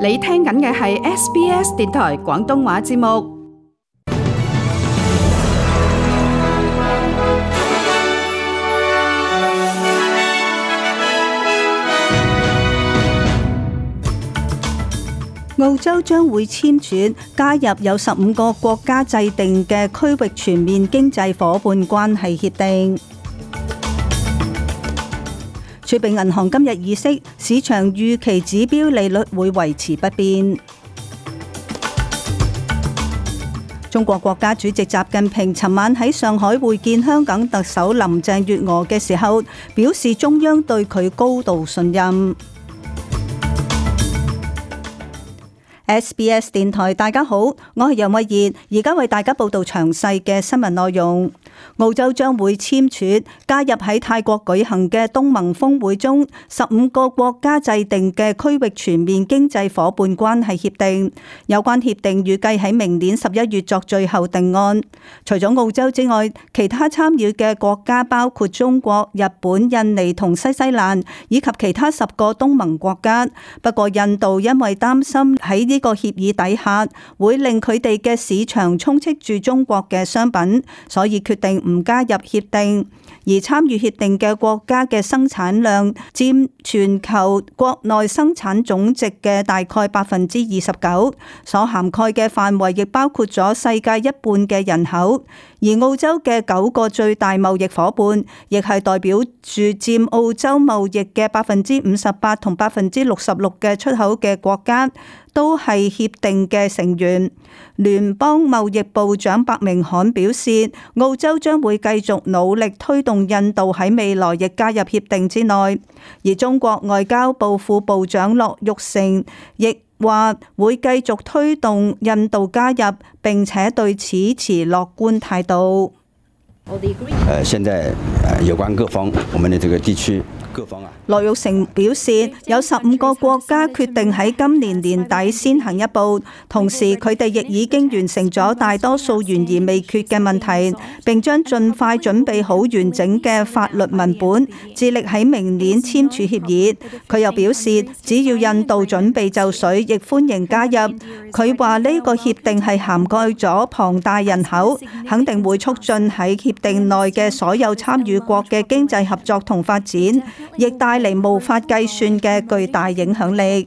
你聽緊嘅係 SBS 電台廣東話節目。澳洲將會簽署加入有十五個國家制定嘅區域全面經濟夥伴關係協定。儲備銀行今日議息，市場預期指標利率會維持不變。中國國家主席習近平尋晚喺上海會見香港特首林鄭月娥嘅時候，表示中央對佢高度信任。SBS 電台，大家好，我係楊慧儀，而家為大家報道詳細嘅新聞內容。澳洲將會簽署加入喺泰國舉行嘅東盟峰會中十五個國家制定嘅區域全面經濟夥伴關係協定，有關協定預計喺明年十一月作最後定案。除咗澳洲之外，其他參與嘅國家包括中國、日本、印尼同新西蘭以及其他十個東盟國家。不過印度因為擔心喺呢個協議底下會令佢哋嘅市場充斥住中國嘅商品，所以決定唔加入協定。而參與協定嘅國家嘅生產量佔全球國內生產總值嘅大概百分之二十九，所涵蓋嘅範圍亦包括咗世界一半嘅人口。而澳洲嘅九個最大貿易夥伴，亦係代表住佔澳洲貿易嘅百分之五十八同百分之六十六嘅出口嘅國家，都係協定嘅成員。聯邦貿易部長白明罕表示，澳洲將會繼續努力推動印度喺未來亦加入協定之內。而中國外交部副部長樂玉成亦話會繼續推動印度加入，並且對此持樂觀態度。誒，現在誒有關各方，我們的這個地區各方啊。羅玉成表示，有十五個國家決定喺今年年底先行一步，同時佢哋亦已經完成咗大多數懸而未決嘅問題，並將盡快準備好完整嘅法律文本，致力喺明年簽署協議。佢又表示，只要印度準備就緒，亦歡迎加入。佢話呢個協定係涵蓋咗龐大人口，肯定會促進喺協定內嘅所有參與國嘅經濟合作同發展，亦大帶嚟無法計算嘅巨大影響力。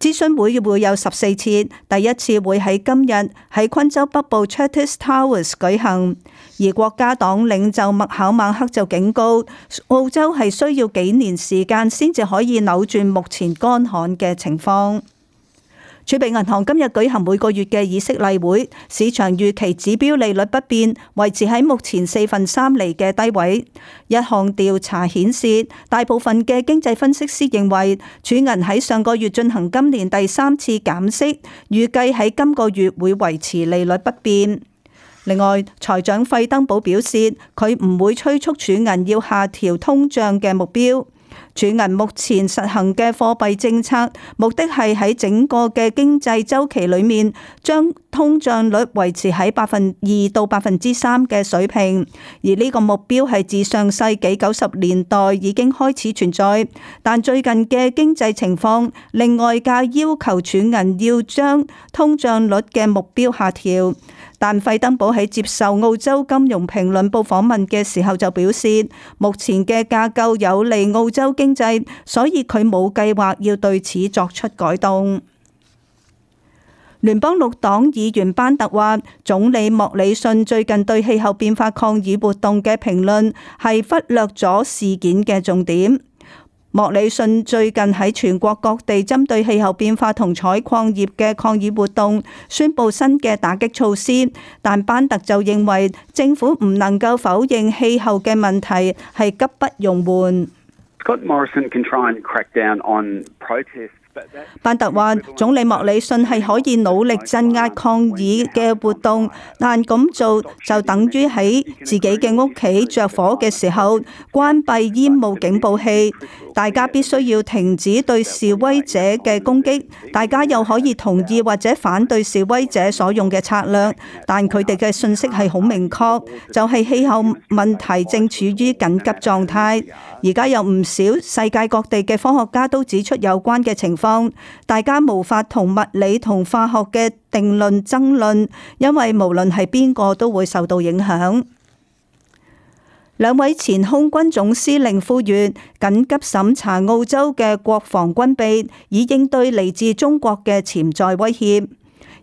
諮詢會會有十四次，第一次會喺今日喺昆州北部 Charters Towers 舉行，而國家黨領袖麥考馬克就警告澳洲係需要幾年時間先至可以扭轉目前乾旱嘅情況。儲備銀行今日舉行每個月嘅議息例會，市場預期指標利率不變，維持喺目前四分三厘嘅低位。一項調查顯示，大部分嘅經濟分析師認為，儲銀喺上個月進行今年第三次減息，預計喺今個月會維持利率不變。另外，財長費登堡表示，佢唔會催促儲銀要下調通脹嘅目標。儲銀目前實行嘅貨幣政策，目的係喺整個嘅經濟週期裏面，將通脹率維持喺百分二到百分之三嘅水平。而呢個目標係自上世紀九十年代已經開始存在，但最近嘅經濟情況令外界要求儲銀要將通脹率嘅目標下調。但費登堡喺接受澳洲金融評論報訪問嘅時候就表示，目前嘅架構有利澳洲經濟，所以佢冇計劃要對此作出改動。聯邦綠黨議員班特話，總理莫里遜最近對氣候變化抗議活動嘅評論係忽略咗事件嘅重點。莫里遜最近喺全國各地針對氣候變化同採礦業嘅抗議活動，宣布新嘅打擊措施，但班特就認為政府唔能夠否認氣候嘅問題係急不容緩。班特話：總理莫里遜係可以努力鎮壓抗議嘅活動，但咁做就等於喺自己嘅屋企着火嘅時候關閉煙霧警報器。大家必須要停止對示威者嘅攻擊。大家又可以同意或者反對示威者所用嘅策略，但佢哋嘅訊息係好明確，就係氣候問題正處於緊急狀態。而家有唔少世界各地嘅科學家都指出有關嘅情況。幫大家無法同物理同化學嘅定論爭論，因為無論係邊個都會受到影響。兩位前空軍總司令呼籲緊急審查澳洲嘅國防軍備，以應對嚟自中國嘅潛在威脅。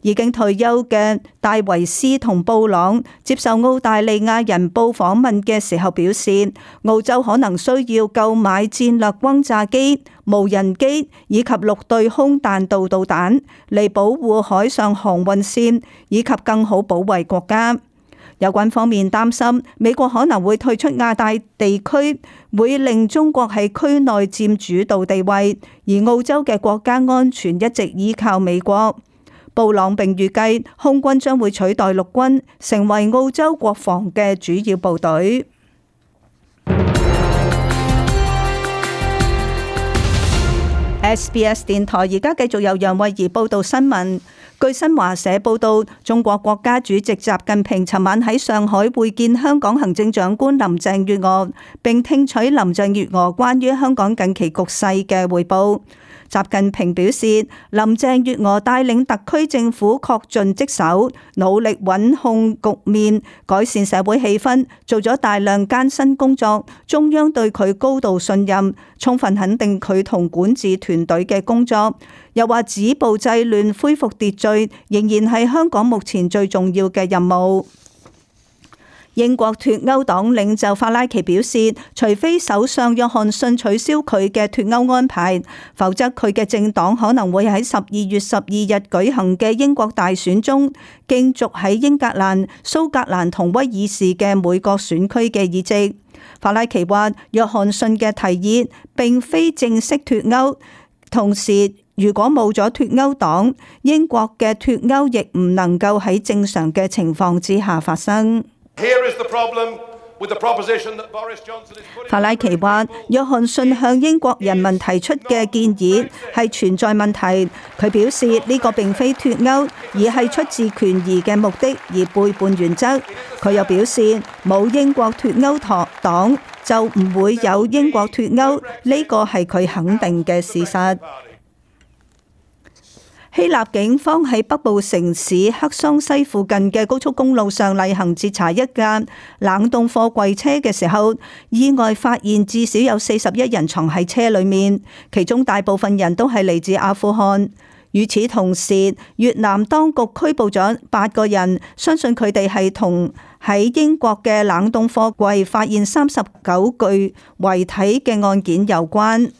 已經退休嘅戴維斯同布朗接受澳大利亞人報訪問嘅時候表示，澳洲可能需要購買戰略轟炸機、無人機以及陸對空彈道導彈，嚟保護海上航運線以及更好保衞國家。有關方面擔心美國可能會退出亞太地區，會令中國喺區內佔主導地位，而澳洲嘅國家安全一直依靠美國。布朗並預計空軍將會取代陸軍，成為澳洲國防嘅主要部隊。SBS 電台而家繼續由楊慧儀報道新聞。據新華社報道，中國國家主席習近平尋晚喺上海會見香港行政長官林鄭月娥，並聽取林鄭月娥關於香港近期局勢嘅彙報。習近平表示，林鄭月娥帶領特區政府恪盡職守，努力穩控局面、改善社會氣氛，做咗大量艱辛工作。中央對佢高度信任，充分肯定佢同管治團隊嘅工作。又話止暴制亂、恢復秩序仍然係香港目前最重要嘅任務。英國脫歐黨領袖法拉奇表示，除非首相約翰遜取消佢嘅脫歐安排，否則佢嘅政黨可能會喺十二月十二日舉行嘅英國大選中競逐喺英格蘭、蘇格蘭同威爾士嘅每個選區嘅議席。法拉奇話，約翰遜嘅提議並非正式脫歐，同時如果冇咗脫歐黨，英國嘅脫歐亦唔能夠喺正常嘅情況之下發生。法拉奇話：約翰遜向英國人民提出嘅建議係存在問題。佢表示呢個並非脫歐，而係出自權宜嘅目的而背叛原則。佢又表示冇英國脫歐黨，就唔會有英國脫歐。呢個係佢肯定嘅事實。希臘警方喺北部城市克桑西附近嘅高速公路上例行截查一架冷凍貨櫃車嘅時候，意外發現至少有四十一人藏喺車裏面，其中大部分人都係嚟自阿富汗。與此同時，越南當局拘捕咗八個人，相信佢哋係同喺英國嘅冷凍貨櫃發現三十九具遺體嘅案件有關。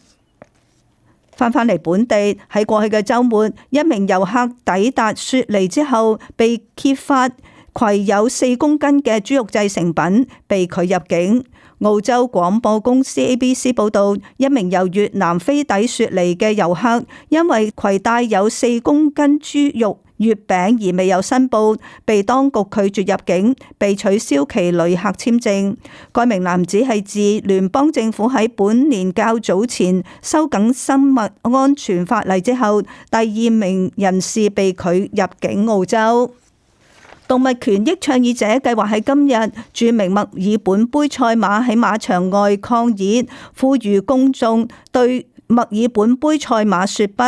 翻返嚟本地，喺過去嘅週末，一名遊客抵達雪梨之後，被揭發攜有四公斤嘅豬肉製成品被拒入境。澳洲廣播公司 ABC 報道，一名由越南飛抵雪梨嘅遊客，因為攜帶有四公斤豬肉月餅而未有申報，被當局拒絕入境，被取消其旅客簽證。該名男子係自聯邦政府喺本年較早前收緊生物安全法例之後，第二名人士被拒入境澳洲。動物權益倡議者計劃喺今日著名墨爾本杯賽馬喺馬場外抗議，呼籲公眾對墨爾本杯賽馬說不。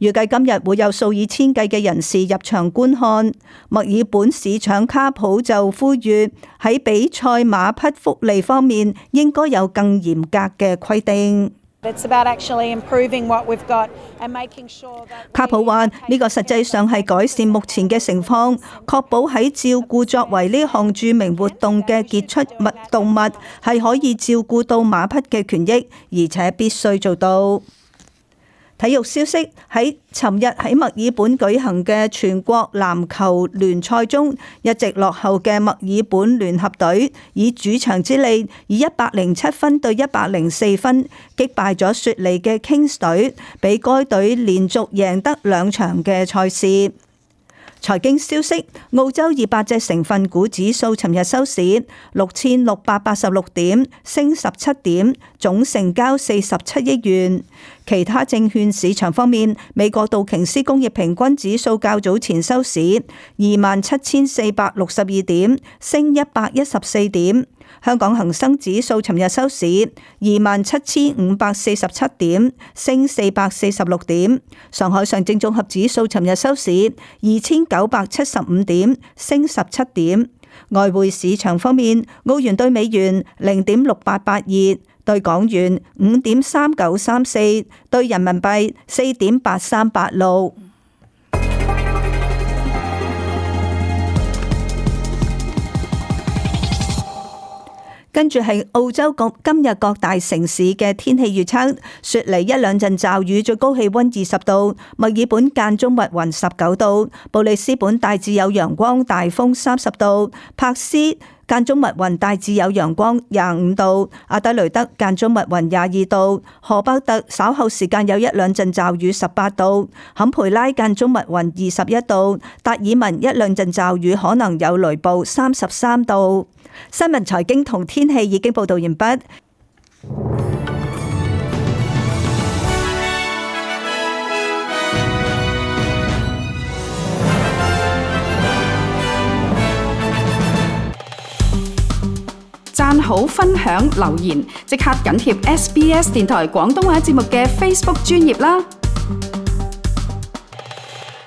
預計今日會有數以千計嘅人士入場觀看。墨爾本市長卡普就呼籲喺比賽馬匹福利方面，應該有更嚴格嘅規定。It's about actually improving what we've got, and making sure that we...、卡普話：呢個實際上係改善目前嘅情況，確保喺照顧作為呢項著名活動嘅傑出物動物，係可以照顧到馬匹嘅權益，而且必須做到。體育消息，喺尋日喺墨爾本舉行嘅全國籃球聯賽中，一直落後嘅墨爾本聯合隊以主場之利，以一百零七分對一百零四分擊敗咗雪梨嘅 Kings 隊，俾該隊連續贏得兩場嘅賽事。財經消息：澳洲二百隻成分股指數尋日收市六千六百八十六點，升十七點，總成交四十七億元。其他證券市場方面，美國道瓊斯工業平均指數較早前收市二萬七千四百六十二點，升一百一十四點。香港恒生指數尋日收市二萬七千五百四十七點，升四百四十六點。上海上證綜合指數尋日收市二千九百七十五點，升十七點。外匯市場方面，澳元對美元零點六八八二，對港元五點三九三四，對人民幣四點八三八六。跟住係澳洲各今日各大城市嘅天氣預測，雪梨一兩陣驟雨，最高氣溫二十度；墨爾本間中密雲十九度；布里斯本大致有陽光，大風三十度；柏斯間中密雲，大致有陽光廿五度；阿德雷德間中密雲廿二度；荷包特稍後時間有一兩陣驟雨十八度；坎培拉間中密雲二十一度；達爾文一兩陣驟雨，可能有雷暴三十三度。新聞財經同天氣已經報道完畢。讚好、分享、留言，即刻緊貼 SBS 電台廣東話節目嘅 Facebook 專頁啦！